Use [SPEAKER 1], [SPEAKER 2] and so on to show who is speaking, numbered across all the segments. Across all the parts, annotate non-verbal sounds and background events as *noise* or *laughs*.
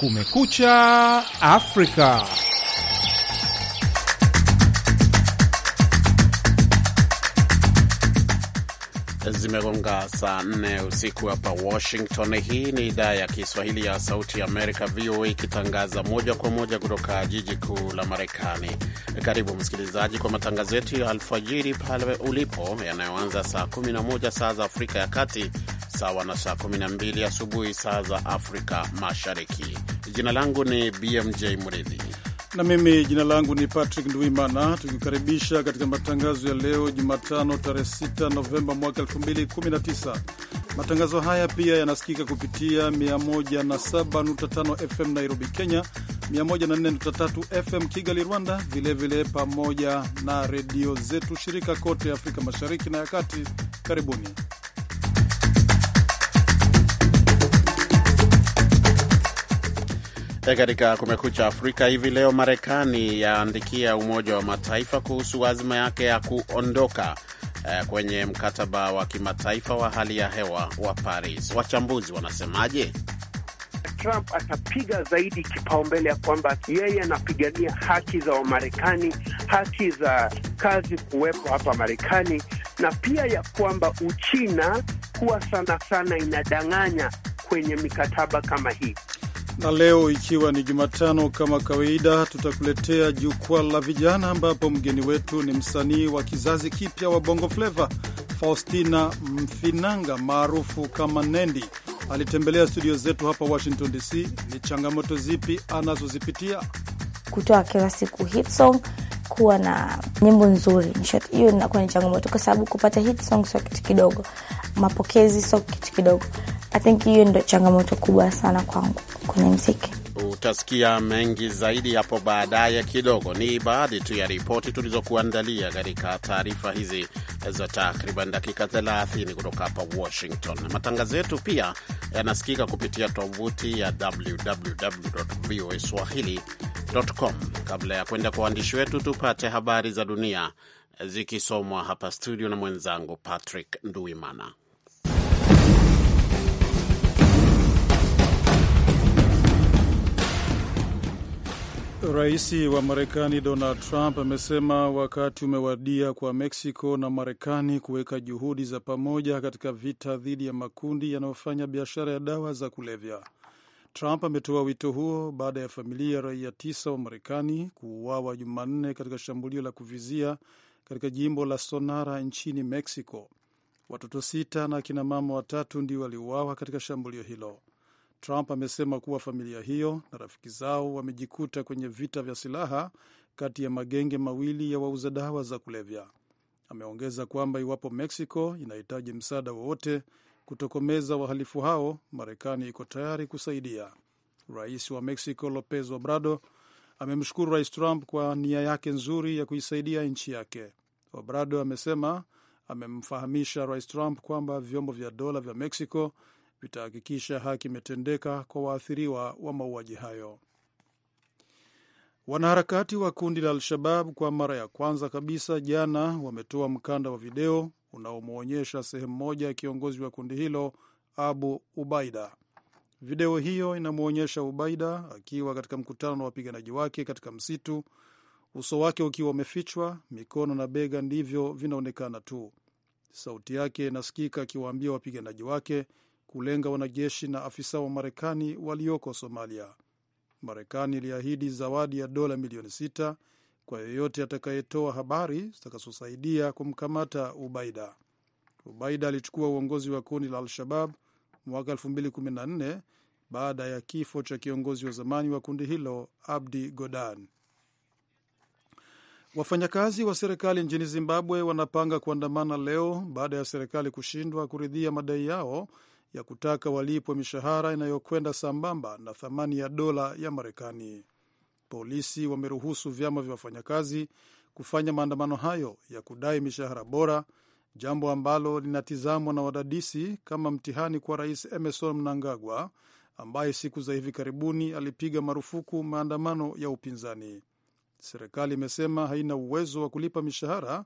[SPEAKER 1] Kumekucha Afrika.
[SPEAKER 2] Zimegonga saa nne usiku hapa Washington. Hii ni idhaa ya Kiswahili ya Sauti ya Amerika, VOA, ikitangaza moja kwa moja kutoka jiji kuu la Marekani. Karibu msikilizaji kwa matangazo yetu ya alfajiri pale ulipo yanayoanza saa 11 saa za Afrika ya Kati sawa na saa 12 asubuhi saa za Afrika Mashariki. Jina langu ni BMJ Mridhi
[SPEAKER 3] na mimi jina langu ni Patrick Ndwimana, tukikaribisha katika matangazo ya leo Jumatano tarehe 6 Novemba mwaka 2019. Matangazo haya pia yanasikika kupitia 107.5 FM Nairobi, Kenya, 104.3 FM Kigali, Rwanda, vilevile vile pamoja na redio zetu shirika kote Afrika Mashariki na ya Kati. Karibuni.
[SPEAKER 2] E, katika Kumekucha Afrika hivi leo, Marekani yaandikia Umoja wa Mataifa kuhusu azma yake ya kuondoka eh, kwenye mkataba wa kimataifa wa hali ya hewa wa Paris. Wachambuzi wanasemaje?
[SPEAKER 1] Trump atapiga zaidi kipaumbele ya kwamba yeye anapigania haki za Wamarekani, haki za kazi kuwepo hapa Marekani, na pia ya kwamba Uchina huwa sana sana inadanganya kwenye mikataba kama hii
[SPEAKER 3] na leo ikiwa ni Jumatano, kama kawaida, tutakuletea jukwaa la vijana, ambapo mgeni wetu ni msanii wa kizazi kipya wa Bongo Flava, Faustina Mfinanga maarufu kama Nendi. Alitembelea studio zetu hapa Washington DC. Ni changamoto zipi anazozipitia
[SPEAKER 4] kutoa kila siku hit song, kuwa na nyimbo nzuri? Hiyo inakuwa ni changamoto, kwa sababu kupata hit song sio kitu kidogo, mapokezi sio kitu kidogo I think hiyo ndo changamoto kubwa sana kwangu kwenye mziki.
[SPEAKER 2] Utasikia mengi zaidi hapo baadaye kidogo. Ni baadhi tu ya ripoti tulizokuandalia katika taarifa hizi za takriban dakika 30 kutoka hapa Washington. Matangazo yetu pia yanasikika kupitia tovuti ya www swahili.com. Kabla ya kwenda kwa waandishi wetu, tupate habari za dunia zikisomwa hapa studio na mwenzangu Patrick Nduimana.
[SPEAKER 3] Rais wa Marekani Donald Trump amesema wakati umewadia kwa Mexico na Marekani kuweka juhudi za pamoja katika vita dhidi ya makundi yanayofanya biashara ya dawa za kulevya. Trump ametoa wito huo baada ya familia ya raia tisa wa Marekani kuuawa Jumanne katika shambulio la kuvizia katika jimbo la Sonora nchini Mexico. Watoto sita na akinamama watatu ndio waliuawa katika shambulio hilo. Trump amesema kuwa familia hiyo na rafiki zao wamejikuta kwenye vita vya silaha kati ya magenge mawili ya wauza dawa za kulevya. Ameongeza kwamba iwapo Mexico inahitaji msaada wowote kutokomeza wahalifu hao, Marekani iko tayari kusaidia. Rais wa Mexico Lopez Obrador amemshukuru Rais Trump kwa nia yake nzuri ya kuisaidia nchi yake. Obrador amesema amemfahamisha Rais Trump kwamba vyombo vya dola vya Mexico vitahakikisha haki imetendeka kwa waathiriwa wa mauaji hayo. Wanaharakati wa kundi la Al-Shabab kwa mara ya kwanza kabisa jana wametoa mkanda wa video unaomwonyesha sehemu moja ya kiongozi wa kundi hilo Abu Ubaida. Video hiyo inamwonyesha Ubaida akiwa katika mkutano na wapiganaji wake katika msitu, uso wake ukiwa umefichwa, mikono na bega ndivyo vinaonekana tu. Sauti yake inasikika akiwaambia wapiganaji wake kulenga wanajeshi na afisa wa Marekani walioko Somalia. Marekani iliahidi zawadi ya dola milioni sita kwa yeyote atakayetoa habari zitakazosaidia kumkamata Ubaida. Ubaida alichukua uongozi wa kundi la Al-Shabab mwaka 2014 baada ya kifo cha kiongozi wa zamani wa kundi hilo Abdi Godan. Wafanyakazi wa serikali nchini Zimbabwe wanapanga kuandamana leo baada ya serikali kushindwa kuridhia madai yao ya kutaka walipwe mishahara inayokwenda sambamba na thamani ya dola ya Marekani. Polisi wameruhusu vyama vya wafanyakazi kufanya maandamano hayo ya kudai mishahara bora, jambo ambalo linatizamwa na wadadisi kama mtihani kwa Rais Emerson Mnangagwa ambaye siku za hivi karibuni alipiga marufuku maandamano ya upinzani. Serikali imesema haina uwezo wa kulipa mishahara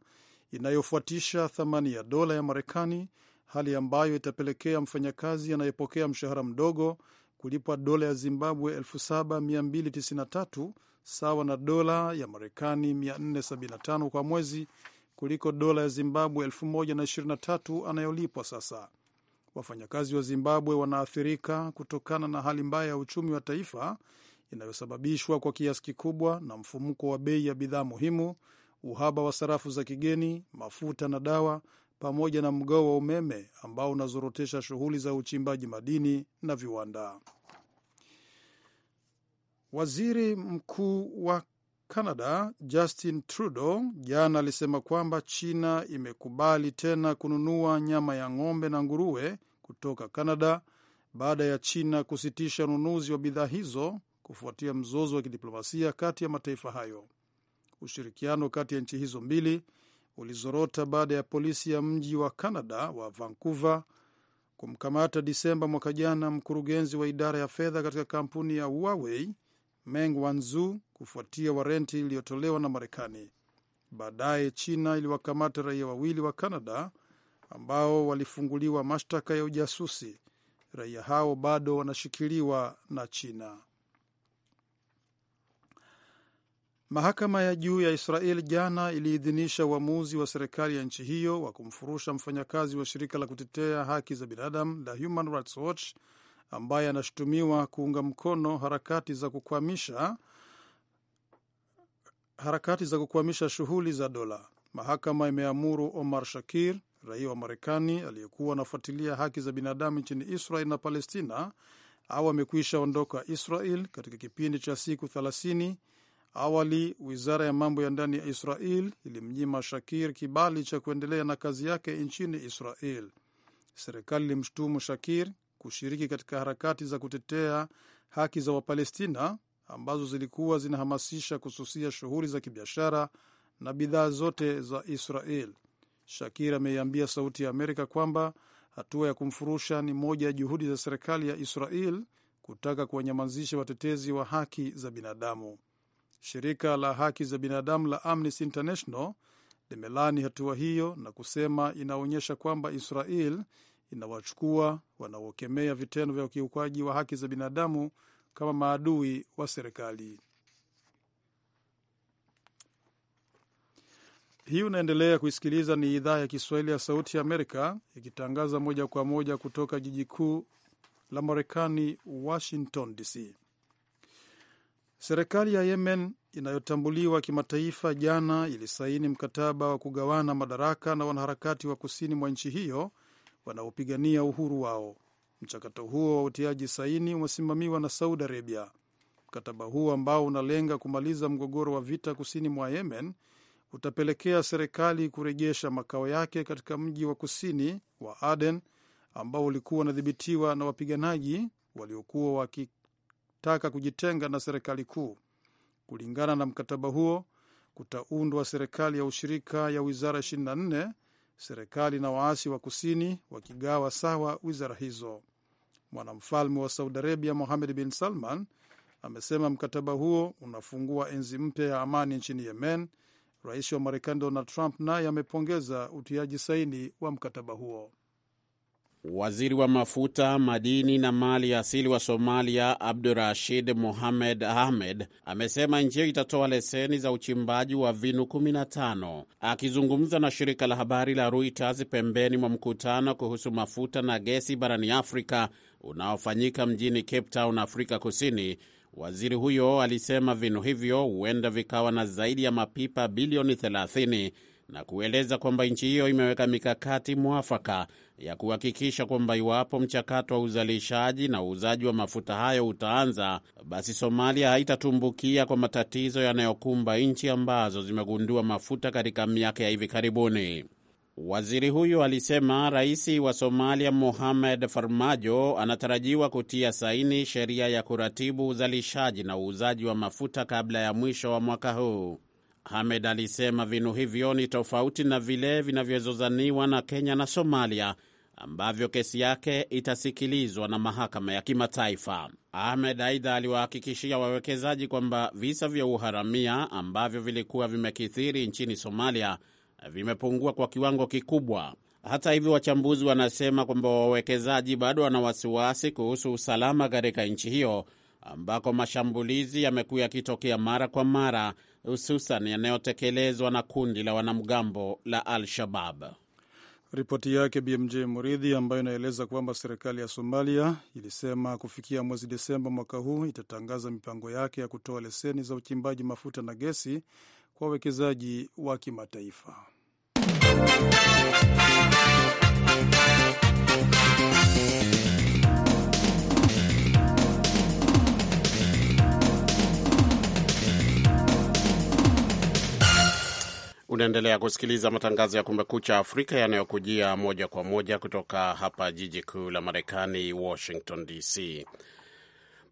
[SPEAKER 3] inayofuatisha thamani ya dola ya Marekani hali ambayo itapelekea mfanyakazi anayepokea mshahara mdogo kulipwa dola ya Zimbabwe 7293 sawa na dola ya Marekani 475 kwa mwezi kuliko dola ya Zimbabwe 1023 anayolipwa sasa. Wafanyakazi wa Zimbabwe wanaathirika kutokana na hali mbaya ya uchumi wa taifa inayosababishwa kwa kiasi kikubwa na mfumuko wa bei ya bidhaa muhimu, uhaba wa sarafu za kigeni, mafuta na dawa, pamoja na mgao wa umeme ambao unazorotesha shughuli za uchimbaji madini na viwanda. Waziri Mkuu wa Canada Justin Trudeau jana alisema kwamba China imekubali tena kununua nyama ya ng'ombe na nguruwe kutoka Canada baada ya China kusitisha ununuzi wa bidhaa hizo kufuatia mzozo wa kidiplomasia kati ya mataifa hayo. Ushirikiano kati ya nchi hizo mbili ulizorota baada ya polisi ya mji wa canada wa Vancouver kumkamata Disemba mwaka jana mkurugenzi wa idara ya fedha katika kampuni ya Huawei Meng Wanzu kufuatia warenti iliyotolewa na Marekani. Baadaye China iliwakamata raia wawili wa canada ambao walifunguliwa mashtaka ya ujasusi. Raia hao bado wanashikiliwa na China. Mahakama ya juu ya Israel jana iliidhinisha uamuzi wa serikali ya nchi hiyo wa kumfurusha mfanyakazi wa shirika la kutetea haki za binadamu la Human Rights Watch ambaye anashutumiwa kuunga mkono harakati za kukwamisha harakati za kukwamisha shughuli za dola. Mahakama imeamuru Omar Shakir, raia wa Marekani aliyekuwa anafuatilia haki za binadamu nchini Israel na Palestina, au amekwisha ondoka Israel katika kipindi cha siku 30 Awali wizara ya mambo ya ndani ya Israel ilimnyima Shakir kibali cha kuendelea na kazi yake nchini Israel. Serikali ilimshutumu Shakir kushiriki katika harakati za kutetea haki za Wapalestina ambazo zilikuwa zinahamasisha kususia shughuli za kibiashara na bidhaa zote za Israel. Shakir ameiambia Sauti ya Amerika kwamba hatua ya kumfurusha ni moja ya juhudi za serikali ya Israel kutaka kuwanyamazisha watetezi wa haki za binadamu. Shirika la haki za binadamu la Amnesty International limelaani hatua hiyo na kusema inaonyesha kwamba Israel inawachukua wanaokemea vitendo vya ukiukaji wa haki za binadamu kama maadui wa serikali. Hii unaendelea kuisikiliza, ni idhaa ya Kiswahili ya Sauti ya Amerika ikitangaza moja kwa moja kutoka jiji kuu la Marekani, Washington DC. Serikali ya Yemen inayotambuliwa kimataifa jana ilisaini mkataba wa kugawana madaraka na wanaharakati wa kusini mwa nchi hiyo wanaopigania uhuru wao. Mchakato huo wa utiaji saini umesimamiwa na Saudi Arabia. Mkataba huo ambao unalenga kumaliza mgogoro wa vita kusini mwa Yemen utapelekea serikali kurejesha makao yake katika mji wa kusini wa Aden ambao ulikuwa unadhibitiwa na wapiganaji waliokuwa taka kujitenga na serikali kuu. Kulingana na mkataba huo, kutaundwa serikali ya ushirika ya wizara 24, serikali na waasi wa kusini wakigawa sawa wizara hizo. Mwanamfalme wa Saudi Arabia Mohamed bin Salman amesema mkataba huo unafungua enzi mpya ya amani nchini Yemen. Rais wa Marekani Donald Trump naye amepongeza utiaji saini wa mkataba huo.
[SPEAKER 2] Waziri wa mafuta, madini na mali ya asili wa Somalia, Abdurashid Mohamed Ahmed, amesema nchi hiyo itatoa leseni za uchimbaji wa vinu 15. Akizungumza na shirika la habari la Reuters pembeni mwa mkutano kuhusu mafuta na gesi barani Afrika unaofanyika mjini Cape Town, Afrika Kusini, waziri huyo alisema vinu hivyo huenda vikawa na zaidi ya mapipa bilioni 30 na kueleza kwamba nchi hiyo imeweka mikakati mwafaka ya kuhakikisha kwamba iwapo mchakato wa uzalishaji na uuzaji wa mafuta hayo utaanza, basi Somalia haitatumbukia kwa matatizo yanayokumba nchi ambazo zimegundua mafuta katika miaka ya hivi karibuni. Waziri huyu alisema rais wa Somalia Mohamed Farmajo anatarajiwa kutia saini sheria ya kuratibu uzalishaji na uuzaji wa mafuta kabla ya mwisho wa mwaka huu. Hamed alisema vinu hivyo ni tofauti na vile vinavyozozaniwa na Kenya na Somalia ambavyo kesi yake itasikilizwa na mahakama ya kimataifa. Ahmed aidha aliwahakikishia wawekezaji kwamba visa vya uharamia ambavyo vilikuwa vimekithiri nchini Somalia vimepungua kwa kiwango kikubwa. Hata hivyo, wachambuzi wanasema kwamba wawekezaji bado wana wasiwasi kuhusu usalama katika nchi hiyo ambako mashambulizi yamekuwa yakitokea mara kwa mara, hususan yanayotekelezwa na kundi la wanamgambo la Al-Shabab.
[SPEAKER 3] Ripoti yake BMJ Muridhi, ambayo inaeleza kwamba serikali ya Somalia ilisema kufikia mwezi Desemba mwaka huu itatangaza mipango yake ya kutoa leseni za uchimbaji mafuta na gesi kwa wawekezaji wa kimataifa.
[SPEAKER 2] Unaendelea kusikiliza matangazo ya Kumekucha Afrika yanayokujia moja kwa moja kutoka hapa jiji kuu la Marekani, Washington DC.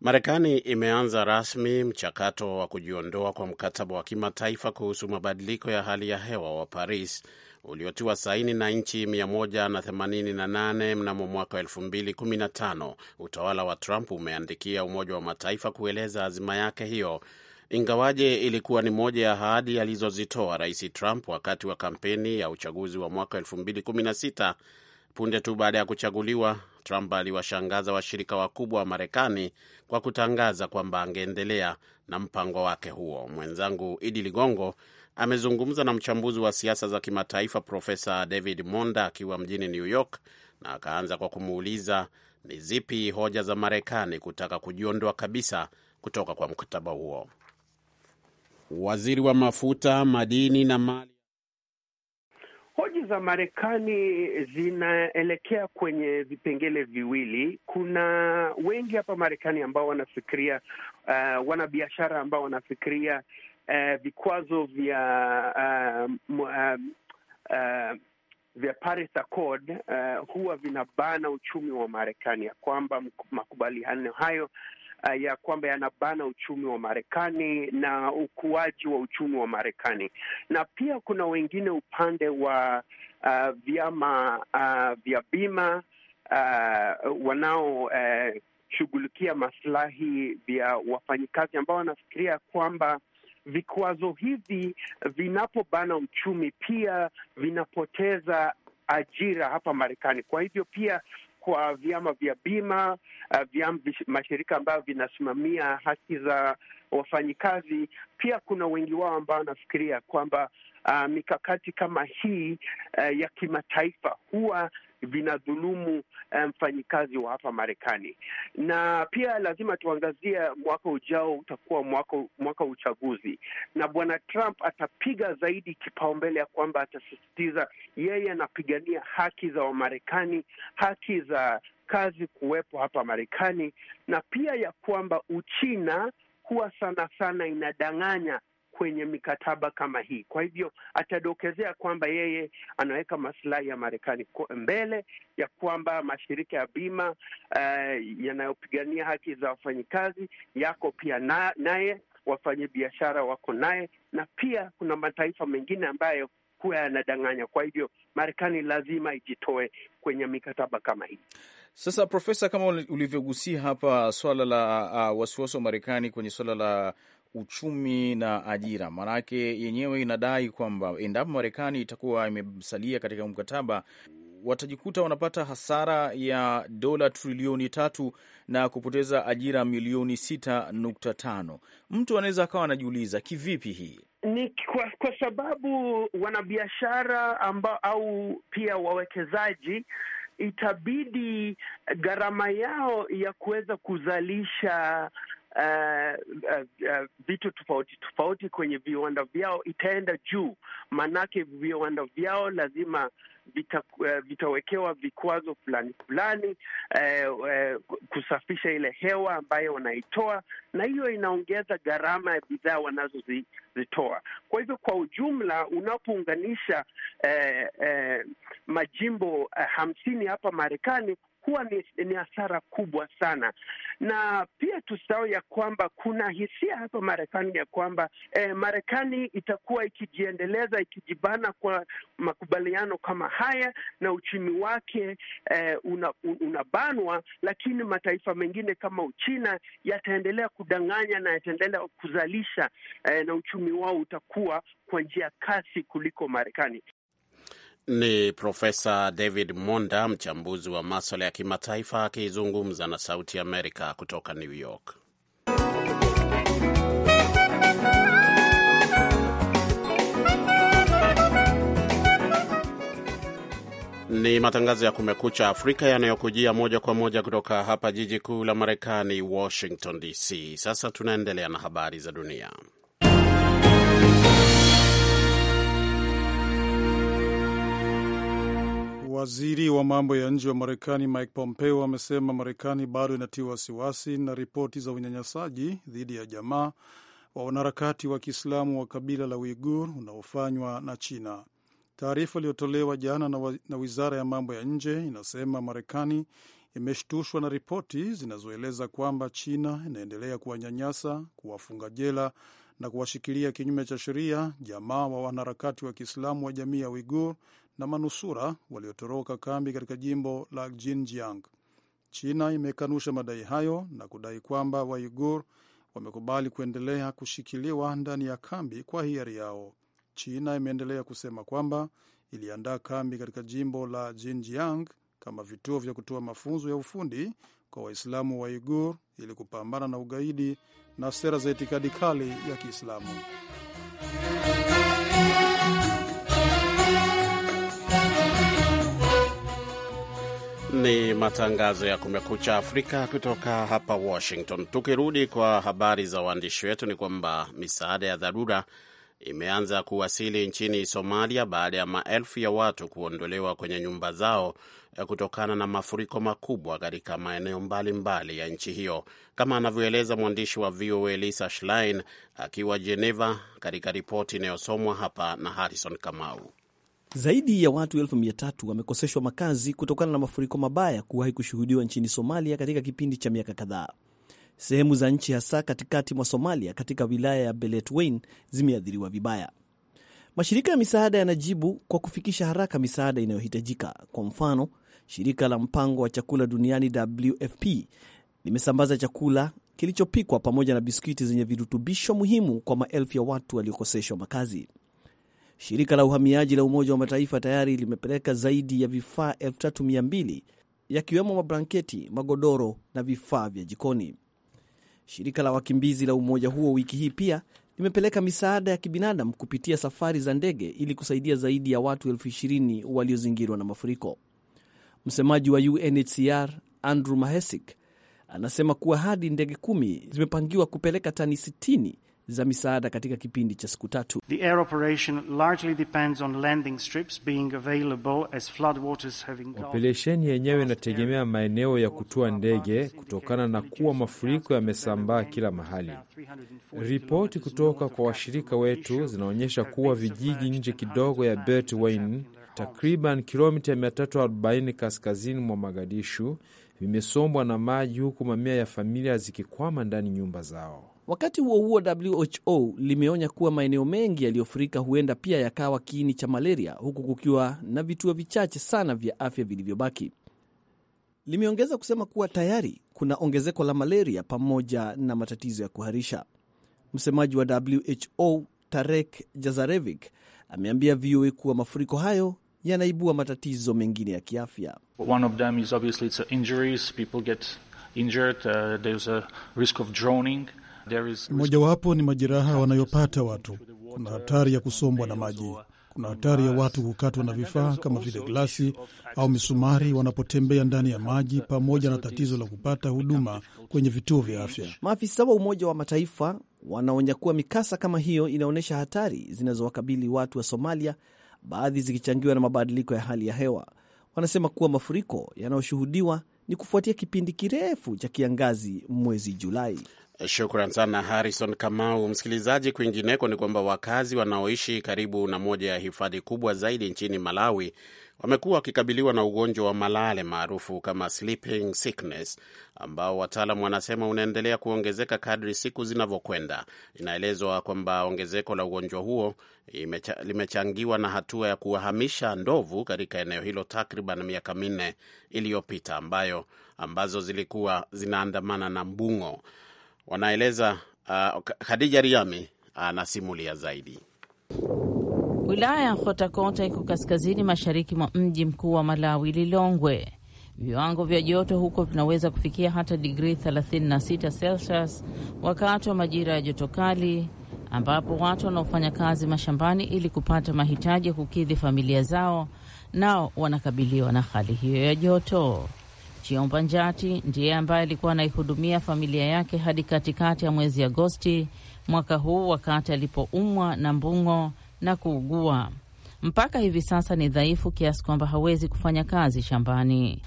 [SPEAKER 2] Marekani imeanza rasmi mchakato wa kujiondoa kwa mkataba wa kimataifa kuhusu mabadiliko ya hali ya hewa wa Paris uliotiwa saini na nchi 188 mnamo mwaka 2015. Utawala wa Trump umeandikia Umoja wa Mataifa kueleza azima yake hiyo ingawaje ilikuwa ni moja ya ahadi alizozitoa Rais Trump wakati wa kampeni ya uchaguzi wa mwaka 2016. Punde tu baada ya kuchaguliwa, Trump aliwashangaza washirika wakubwa wa Marekani kwa kutangaza kwamba angeendelea na mpango wake huo. Mwenzangu Idi Ligongo amezungumza na mchambuzi wa siasa za kimataifa Profesa David Monda akiwa mjini New York, na akaanza kwa kumuuliza ni zipi hoja za Marekani kutaka kujiondoa kabisa kutoka kwa mkataba huo. Waziri wa mafuta, madini na mali
[SPEAKER 1] Hoji za Marekani zinaelekea kwenye vipengele viwili. Kuna wengi hapa Marekani ambao wanafikiria uh, wanabiashara ambao wanafikiria uh, vikwazo vya uh, uh, uh, vya Paris Accord uh, huwa vinabana uchumi wa Marekani, ya kwamba makubaliano hayo Uh, ya kwamba yanabana uchumi wa Marekani na ukuaji wa uchumi wa Marekani, na pia kuna wengine upande wa uh, vyama uh, vya bima uh, wanao uh, shughulikia maslahi vya wafanyikazi ambao wanafikiria kwamba vikwazo hivi vinapobana uchumi pia vinapoteza ajira hapa Marekani. Kwa hivyo pia kwa vyama vya bima, eh, vyama mashirika ambayo vinasimamia haki za wafanyikazi. Pia kuna wengi wao ambao wanafikiria kwamba uh, mikakati kama hii uh, ya kimataifa huwa vinadhulumu eh, mfanyikazi um, wa hapa Marekani. Na pia lazima tuangazie mwaka ujao utakuwa mwaka mwaka uchaguzi, na bwana Trump atapiga zaidi kipaumbele ya kwamba atasisitiza yeye anapigania haki za Wamarekani, haki za kazi kuwepo hapa Marekani, na pia ya kwamba Uchina huwa sana sana inadanganya kwenye mikataba kama hii. Kwa hivyo atadokezea kwamba yeye anaweka masilahi ya Marekani mbele ya kwamba mashirika ya bima uh, yanayopigania haki za wafanyikazi yako pia na, naye wafanyabiashara wako naye, na pia kuna mataifa mengine ambayo huwa yanadanganya. Kwa hivyo Marekani lazima ijitoe kwenye mikataba kama hii.
[SPEAKER 5] Sasa profesa, kama ulivyogusia hapa swala la uh, wasiwasi wa Marekani kwenye swala la uchumi na ajira. Maanake yenyewe inadai kwamba endapo Marekani itakuwa imesalia katika mkataba, watajikuta wanapata hasara ya dola trilioni tatu na kupoteza ajira milioni sita nukta tano. Mtu anaweza akawa anajiuliza kivipi hii
[SPEAKER 1] ni kwa, kwa sababu wanabiashara ambao au pia wawekezaji itabidi gharama yao ya kuweza kuzalisha uh, uh, uh, vitu tofauti tofauti kwenye viwanda vyao itaenda juu, maanake viwanda vyao lazima vita, uh, vitawekewa vikwazo fulani fulani, uh, uh, kusafisha ile hewa ambayo wanaitoa, na hiyo inaongeza gharama ya bidhaa wanazozitoa. Kwa hivyo kwa ujumla, unapounganisha uh, uh, majimbo uh, hamsini hapa Marekani huwa ni, ni hasara kubwa sana. Na pia tusahau ya kwamba kuna hisia hapa Marekani ya kwamba eh, Marekani itakuwa ikijiendeleza ikijibana kwa makubaliano kama haya na uchumi wake eh, una, unabanwa, lakini mataifa mengine kama Uchina yataendelea kudanganya na yataendelea kuzalisha eh, na uchumi wao utakuwa kwa njia kasi kuliko Marekani.
[SPEAKER 2] Ni Profesa David Monda, mchambuzi wa maswala ya kimataifa, akizungumza na Sauti Amerika kutoka New York. Ni matangazo ya Kumekucha Afrika yanayokujia moja kwa moja kutoka hapa jiji kuu la Marekani, Washington DC. Sasa tunaendelea na habari za dunia.
[SPEAKER 3] Waziri wa mambo ya nje wa Marekani Mike Pompeo amesema Marekani bado inatia wasiwasi na ripoti za unyanyasaji dhidi ya jamaa wa wanaharakati wa Kiislamu wa kabila la Uigur unaofanywa na China. Taarifa iliyotolewa jana na, na wizara ya mambo ya nje inasema Marekani imeshtushwa na ripoti zinazoeleza kwamba China inaendelea kuwanyanyasa, kuwafunga jela na kuwashikilia kinyume cha sheria jamaa wa wanaharakati wa Kiislamu wa jamii ya Uigur na manusura waliotoroka kambi katika jimbo la Xinjiang. China imekanusha madai hayo na kudai kwamba Waigur wamekubali kuendelea kushikiliwa ndani ya kambi kwa hiari yao. China imeendelea kusema kwamba iliandaa kambi katika jimbo la Xinjiang kama vituo vya kutoa mafunzo ya ufundi kwa Waislamu wa igur ili kupambana na ugaidi na sera za itikadi kali ya Kiislamu.
[SPEAKER 2] Ni matangazo ya Kumekucha Afrika kutoka hapa Washington. Tukirudi kwa habari za waandishi wetu, ni kwamba misaada ya dharura imeanza kuwasili nchini Somalia baada ya maelfu ya watu kuondolewa kwenye nyumba zao eh, kutokana na mafuriko makubwa katika maeneo mbalimbali ya nchi hiyo, kama anavyoeleza mwandishi wa VOA Lisa Schlein akiwa Geneva, katika ripoti inayosomwa hapa na Harrison Kamau.
[SPEAKER 5] Zaidi ya watu elfu mia tatu wamekoseshwa makazi kutokana na mafuriko mabaya kuwahi kushuhudiwa nchini Somalia katika kipindi cha miaka kadhaa. Sehemu za nchi hasa katikati mwa Somalia katika wilaya ya Beledweyne zimeathiriwa vibaya. Mashirika ya misaada yanajibu kwa kufikisha haraka misaada inayohitajika. Kwa mfano, shirika la mpango wa chakula duniani WFP limesambaza chakula kilichopikwa pamoja na biskuti zenye virutubisho muhimu kwa maelfu ya watu waliokoseshwa makazi. Shirika la uhamiaji la Umoja wa Mataifa tayari limepeleka zaidi ya vifaa 3200 yakiwemo mablanketi, magodoro na vifaa vya jikoni. Shirika la wakimbizi la umoja huo wiki hii pia limepeleka misaada ya kibinadamu kupitia safari za ndege ili kusaidia zaidi ya watu elfu ishirini waliozingirwa na mafuriko. Msemaji wa UNHCR Andrew Mahesik anasema kuwa hadi ndege kumi zimepangiwa kupeleka tani 60 za misaada katika kipindi cha siku tatu. Operesheni yenyewe inategemea maeneo ya kutua ndege kutokana na kuwa mafuriko yamesambaa kila mahali. Ripoti kutoka kwa washirika wetu zinaonyesha kuwa vijiji nje kidogo ya bert Bertwin, takriban kilomita 340 kaskazini mwa Magadishu, vimesombwa na maji, huku mamia ya familia zikikwama ndani nyumba zao. Wakati huo huo, WHO limeonya kuwa maeneo mengi yaliyofurika huenda pia yakawa kiini cha malaria, huku kukiwa na vituo vichache sana vya afya vilivyobaki. Limeongeza kusema kuwa tayari kuna ongezeko la malaria pamoja na matatizo ya kuharisha. Msemaji wa WHO Tarek Jazarevic ameambia VOA kuwa mafuriko hayo yanaibua matatizo mengine ya kiafya.
[SPEAKER 4] One of them is obviously it's injuries, people get injured, uh, there's a risk of drowning.
[SPEAKER 3] Mojawapo ni majeraha wanayopata watu. Kuna hatari ya kusombwa na maji. Kuna hatari ya watu kukatwa na vifaa kama vile glasi au misumari wanapotembea ndani ya maji, pamoja na tatizo la kupata huduma kwenye vituo vya afya.
[SPEAKER 5] Maafisa wa Umoja wa Mataifa wanaonya kuwa mikasa kama hiyo inaonyesha hatari zinazowakabili watu wa Somalia, baadhi zikichangiwa na mabadiliko ya hali ya hewa. Wanasema kuwa mafuriko yanayoshuhudiwa ni kufuatia kipindi kirefu cha kiangazi mwezi Julai.
[SPEAKER 2] Shukran sana Harrison Kamau. Msikilizaji, kwingineko ni kwamba wakazi wanaoishi karibu na moja ya hifadhi kubwa zaidi nchini Malawi wamekuwa wakikabiliwa na ugonjwa wa malale maarufu kama sleeping sickness, ambao wataalam wanasema unaendelea kuongezeka kadri siku zinavyokwenda. Inaelezwa kwamba ongezeko la ugonjwa huo imecha, limechangiwa na hatua ya kuwahamisha ndovu katika eneo hilo takriban miaka minne iliyopita ambayo ambazo zilikuwa zinaandamana na mbung'o wanaeleza uh, Khadija Riami anasimulia uh, zaidi.
[SPEAKER 6] Wilaya ya Hotakota iko kaskazini mashariki mwa mji mkuu wa Malawi, Lilongwe. Viwango vya joto huko vinaweza kufikia hata digrii 36 Celsius wakati wa majira ya joto kali, ambapo watu wanaofanya kazi mashambani ili kupata mahitaji ya kukidhi familia zao nao wanakabiliwa na hali hiyo ya joto. Chiomba Njati ndiye ambaye alikuwa anaihudumia familia yake hadi katikati ya mwezi Agosti mwaka huu wakati alipoumwa na mbung'o na kuugua. Mpaka hivi sasa ni dhaifu kiasi kwamba hawezi kufanya kazi shambani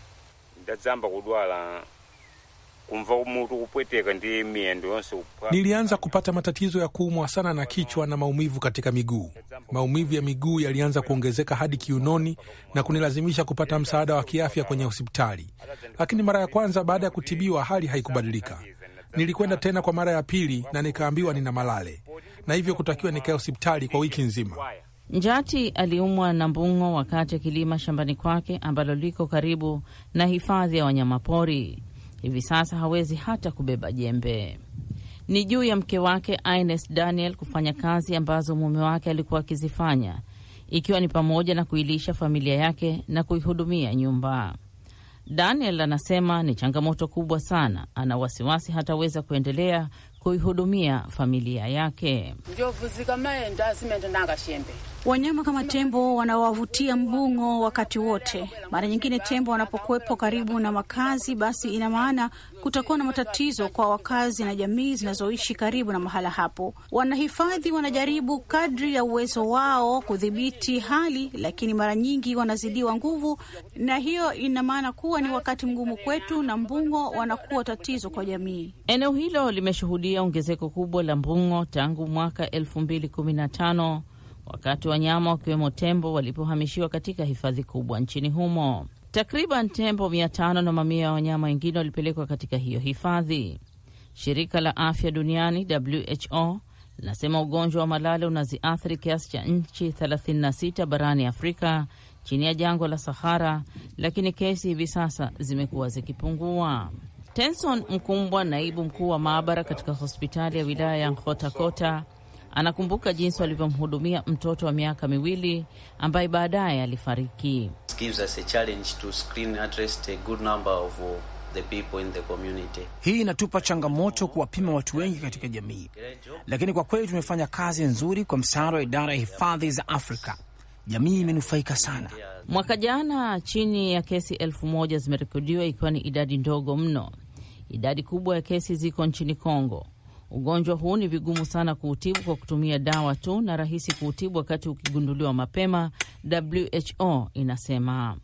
[SPEAKER 2] kumva kupweteka yonse
[SPEAKER 1] Nilianza kupata matatizo ya kuumwa sana na kichwa na maumivu katika miguu. Maumivu ya miguu yalianza kuongezeka hadi kiunoni na kunilazimisha kupata msaada wa kiafya kwenye hospitali, lakini mara ya kwanza baada ya kutibiwa hali haikubadilika. Nilikwenda tena kwa mara ya pili na nikaambiwa nina malale na hivyo kutakiwa nikae hospitali kwa wiki nzima. Njati
[SPEAKER 6] aliumwa na mbung'o wakati akilima shambani kwake ambalo liko karibu na hifadhi ya wanyamapori hivi sasa hawezi hata kubeba jembe. Ni juu ya mke wake Ines Daniel kufanya kazi ambazo mume wake alikuwa akizifanya, ikiwa ni pamoja na kuilisha familia yake na kuihudumia nyumba. Daniel anasema ni changamoto kubwa sana, ana wasiwasi hataweza kuendelea kuihudumia familia yake. Wanyama kama tembo wanawavutia mbung'o wakati wote. Mara nyingine tembo wanapokuwepo karibu na makazi, basi ina maana kutakuwa na matatizo kwa wakazi na jamii zinazoishi karibu na mahala hapo. Wanahifadhi wanajaribu kadri ya uwezo wao kudhibiti hali, lakini mara nyingi wanazidiwa nguvu, na hiyo ina maana kuwa ni wakati mgumu kwetu, na mbung'o wanakuwa tatizo kwa jamii. Eneo hilo limeshuhudia ongezeko kubwa la mbung'o tangu mwaka 2015 wakati wanyama wakiwemo tembo walipohamishiwa katika hifadhi kubwa nchini humo. Takriban tembo mia tano na mamia ya wanyama wengine walipelekwa katika hiyo hifadhi. Shirika la afya duniani WHO linasema ugonjwa wa malale unaziathiri kiasi cha nchi 36 barani Afrika chini ya jangwa la Sahara, lakini kesi hivi sasa zimekuwa zikipungua. Tenson Mkumbwa, naibu mkuu wa maabara katika hospitali ya wilaya ya Nkhotakota, anakumbuka jinsi walivyomhudumia mtoto wa miaka miwili ambaye baadaye alifariki
[SPEAKER 2] gives us a challenge to screen address a good
[SPEAKER 5] number of uh, the people in the community. Hii inatupa changamoto kuwapima watu wengi katika jamii, lakini kwa kweli tumefanya kazi nzuri kwa msaada wa idara ya hifadhi za Afrika. Jamii imenufaika sana.
[SPEAKER 6] Mwaka jana chini ya kesi elfu moja zimerekodiwa ikiwa ni idadi ndogo mno. Idadi kubwa ya kesi ziko nchini Kongo. Ugonjwa huu ni vigumu sana kuutibu kwa kutumia dawa tu na rahisi kuutibu wakati ukigunduliwa mapema, WHO inasema.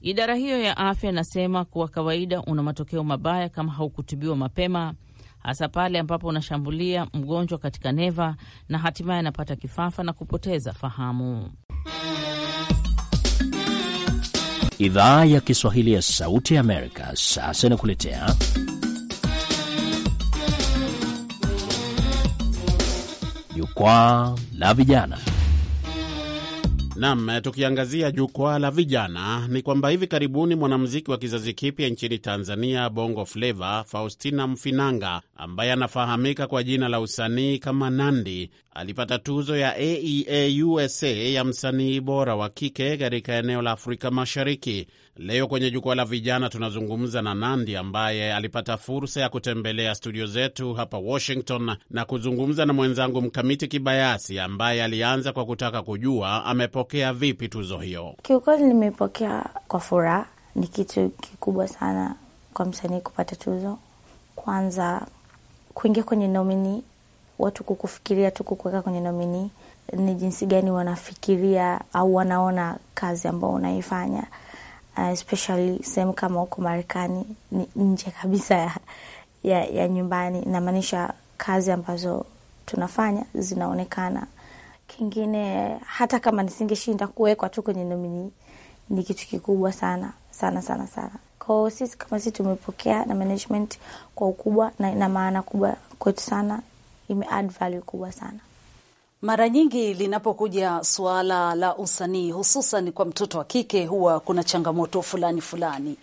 [SPEAKER 6] Idara hiyo ya afya inasema kuwa kawaida una matokeo mabaya kama haukutibiwa mapema, hasa pale ambapo unashambulia mgonjwa katika neva na hatimaye anapata kifafa na kupoteza fahamu.
[SPEAKER 5] Idhaa ya Kiswahili ya Sauti ya Amerika sasa inakuletea
[SPEAKER 2] Jukwaa la Vijana. Nam, tukiangazia jukwaa la vijana ni kwamba hivi karibuni mwanamuziki wa kizazi kipya nchini Tanzania, Bongo Flava, Faustina Mfinanga ambaye anafahamika kwa jina la usanii kama Nandi alipata tuzo ya AEA USA ya msanii bora wa kike katika eneo la Afrika Mashariki. Leo kwenye jukwaa la vijana tunazungumza na Nandi ambaye alipata fursa ya kutembelea studio zetu hapa Washington na kuzungumza na mwenzangu Mkamiti Kibayasi ambaye alianza kwa kutaka kujua amepokea vipi tuzo hiyo.
[SPEAKER 4] Kiukweli nimepokea kwa furaha, ni kitu kikubwa sana kwa msanii kupata tuzo. Kwanza kuingia kwenye nomini, watu kukufikiria tu kukuweka kwenye nomini, ni jinsi gani wanafikiria au wanaona kazi ambao unaifanya uh, especially sehemu kama huko Marekani ni nje kabisa ya, ya, ya nyumbani. Inamaanisha kazi ambazo tunafanya zinaonekana. Kingine hata kama nisingeshinda kuwekwa tu kwenye nomini ni kitu kikubwa sana sana sana sana kwao. Sisi kama sisi tumepokea na management kwa ukubwa na ina maana kubwa kwetu sana, ime add value kubwa sana.
[SPEAKER 7] Mara nyingi linapokuja suala la usanii, hususan kwa mtoto wa kike, huwa kuna changamoto fulani fulani.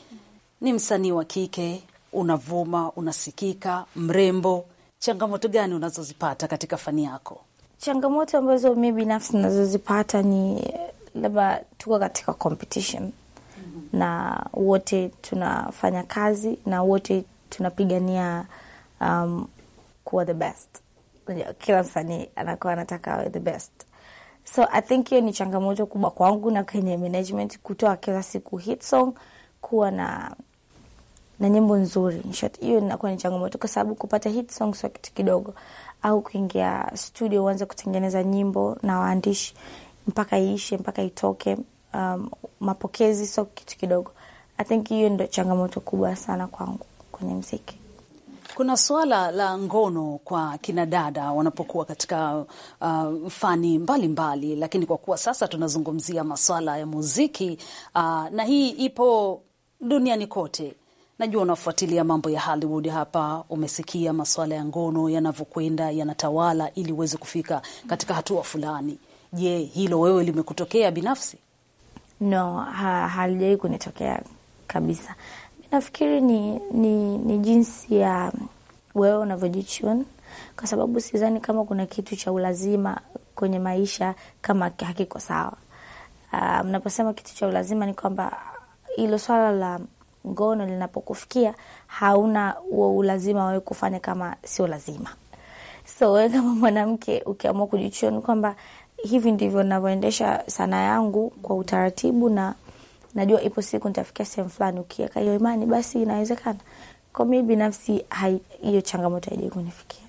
[SPEAKER 7] Ni msanii wa kike, unavuma, unasikika, mrembo, changamoto gani unazozipata katika fani yako?
[SPEAKER 4] Changamoto ambazo mi binafsi nazozipata ni labda tuko katika competition mm -hmm. na wote tunafanya kazi na wote tunapigania um, kuwa the best kila msanii anakuwa anataka awe the best. So I think hiyo ni changamoto kubwa kwangu na kwenye management, kutoa kila siku hit song, kuwa na na nyimbo nzuri. Hiyo inakuwa ni changamoto, kwa sababu kupata hit song sio kitu kidogo, au kuingia studio uanze kutengeneza nyimbo na waandishi mpaka iishe mpaka itoke, um, mapokezi sio kitu kidogo. I think hiyo ndo changamoto kubwa sana kwangu kwenye mziki.
[SPEAKER 7] Kuna suala la ngono kwa kinadada wanapokuwa katika uh, fani mbalimbali mbali, lakini kwa kuwa sasa tunazungumzia maswala ya muziki uh, na hii ipo duniani kote. Najua unafuatilia mambo ya Hollywood hapa, umesikia masuala ya ngono yanavyokwenda, yanatawala ili uweze kufika katika hatua fulani. Je, hilo wewe limekutokea
[SPEAKER 4] binafsi? No, halijawai kunitokea kabisa Nafikiri ni, ni, ni jinsi ya wewe unavyojichun, kwa sababu sidhani kama kuna kitu cha ulazima kwenye maisha kama hakiko sawa. Mnaposema ah, mnaposema kitu cha ulazima ni kwamba hilo swala la ngono linapokufikia hauna huo ulazima wawe kufanya kama sio lazima. So wewe kama mwanamke ukiamua kujichuni kwamba hivi ndivyo navyoendesha sanaa yangu kwa utaratibu na najua ipo siku nitafikia sehemu fulani, ukiweka hiyo imani basi inawezekana. Kwa mimi binafsi hiyo changamoto haijai kunifikia.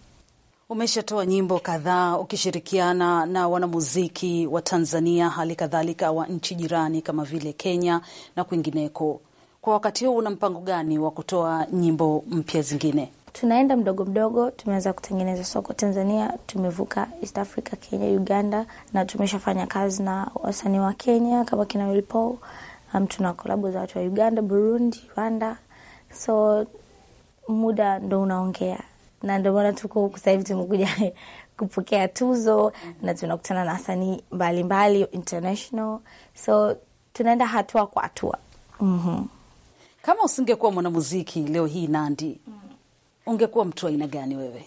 [SPEAKER 7] Umeshatoa nyimbo kadhaa ukishirikiana na wanamuziki wa Tanzania, hali kadhalika wa nchi jirani kama vile Kenya na kwingineko. Kwa wakati huu una mpango gani wa kutoa nyimbo mpya zingine?
[SPEAKER 4] Tunaenda mdogo mdogo, tumeanza kutengeneza soko Tanzania, tumevuka East Africa, Kenya, Uganda, na tumeshafanya kazi na wasanii wa Kenya kama kina Wilpaul um, tuna kolabo za watu wa Uganda, Burundi, Rwanda, so muda ndo unaongea, na ndio maana tuko huku sasa hivi tumekuja *laughs* kupokea tuzo na tunakutana na wasanii mbalimbali international, so tunaenda hatua kwa hatua. mm -hmm. Kama usingekuwa
[SPEAKER 7] mwanamuziki leo hii Nandi, mm ungekuwa mtu aina gani wewe?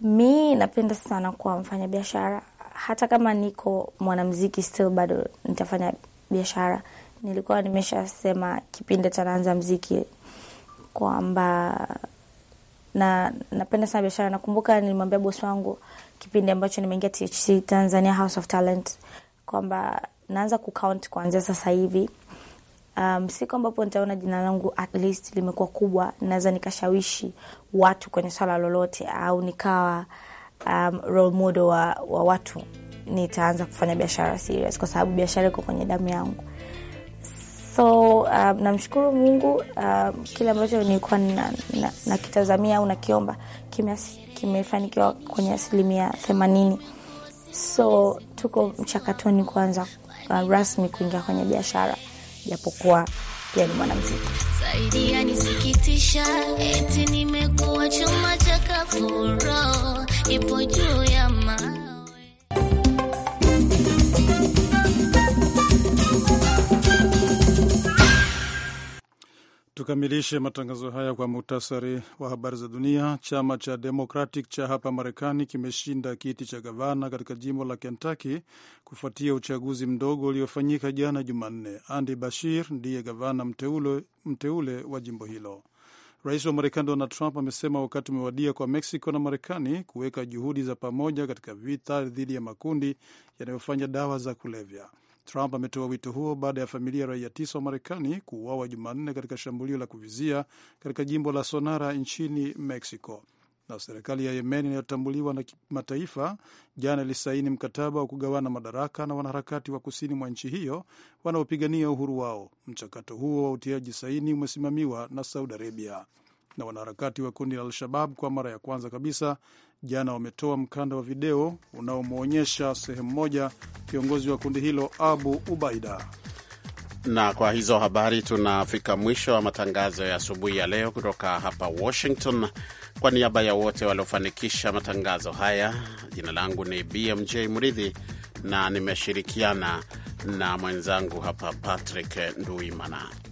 [SPEAKER 4] Mi napenda sana kuwa mfanya biashara, hata kama niko mwanamuziki still bado nitafanya biashara nilikuwa nimeshasema kipindi cha naanza mziki kwamba na napenda sana biashara. Nakumbuka nilimwambia bosi wangu kipindi ambacho nimeingia THC Tanzania House of Talent kwamba naanza kucount kuanzia sasa hivi. Um, siku ambapo nitaona jina langu at least limekuwa kubwa, naweza nikashawishi watu kwenye swala lolote, au nikawa um, role model wa, wa watu, nitaanza kufanya biashara serious, kwa sababu biashara iko kwenye damu yangu. So um, namshukuru Mungu um, kile ambacho nilikuwa nakitazamia na, na au nakiomba kimefanikiwa kwenye asilimia themanini. So tuko mchakatoni kuanza uh, rasmi kuingia kwenye biashara, japokuwa pia ni mwanamziki. eti nimekuwa chuma cha kafuro, ipo juu ya
[SPEAKER 3] Tukamilishe matangazo haya kwa muhtasari wa habari za dunia. Chama cha Democratic cha hapa Marekani kimeshinda kiti cha gavana katika jimbo la Kentucky kufuatia uchaguzi mdogo uliofanyika jana Jumanne. Andy Bashir ndiye gavana mteule, mteule wa jimbo hilo. Rais wa Marekani Donald Trump amesema wakati umewadia kwa Mexico na Marekani kuweka juhudi za pamoja katika vita dhidi ya makundi yanayofanya dawa za kulevya. Trump ametoa wito huo baada ya familia ya raia tisa wa Marekani kuuawa Jumanne katika shambulio la kuvizia katika jimbo la Sonora nchini Mexico. Na serikali ya Yemen inayotambuliwa na kimataifa jana ilisaini mkataba wa kugawana madaraka na wanaharakati wa kusini mwa nchi hiyo wanaopigania uhuru wao. Mchakato huo wa utiaji saini umesimamiwa na Saudi Arabia na wanaharakati wa kundi la Al-Shabab kwa mara ya kwanza kabisa jana wametoa mkanda wa video unaomwonyesha sehemu moja kiongozi wa kundi hilo Abu Ubaida.
[SPEAKER 2] Na kwa hizo habari tunafika mwisho wa matangazo ya asubuhi ya leo kutoka hapa Washington. Kwa niaba ya wote waliofanikisha matangazo haya, jina langu ni BMJ Mridhi na nimeshirikiana na mwenzangu hapa Patrick Nduimana.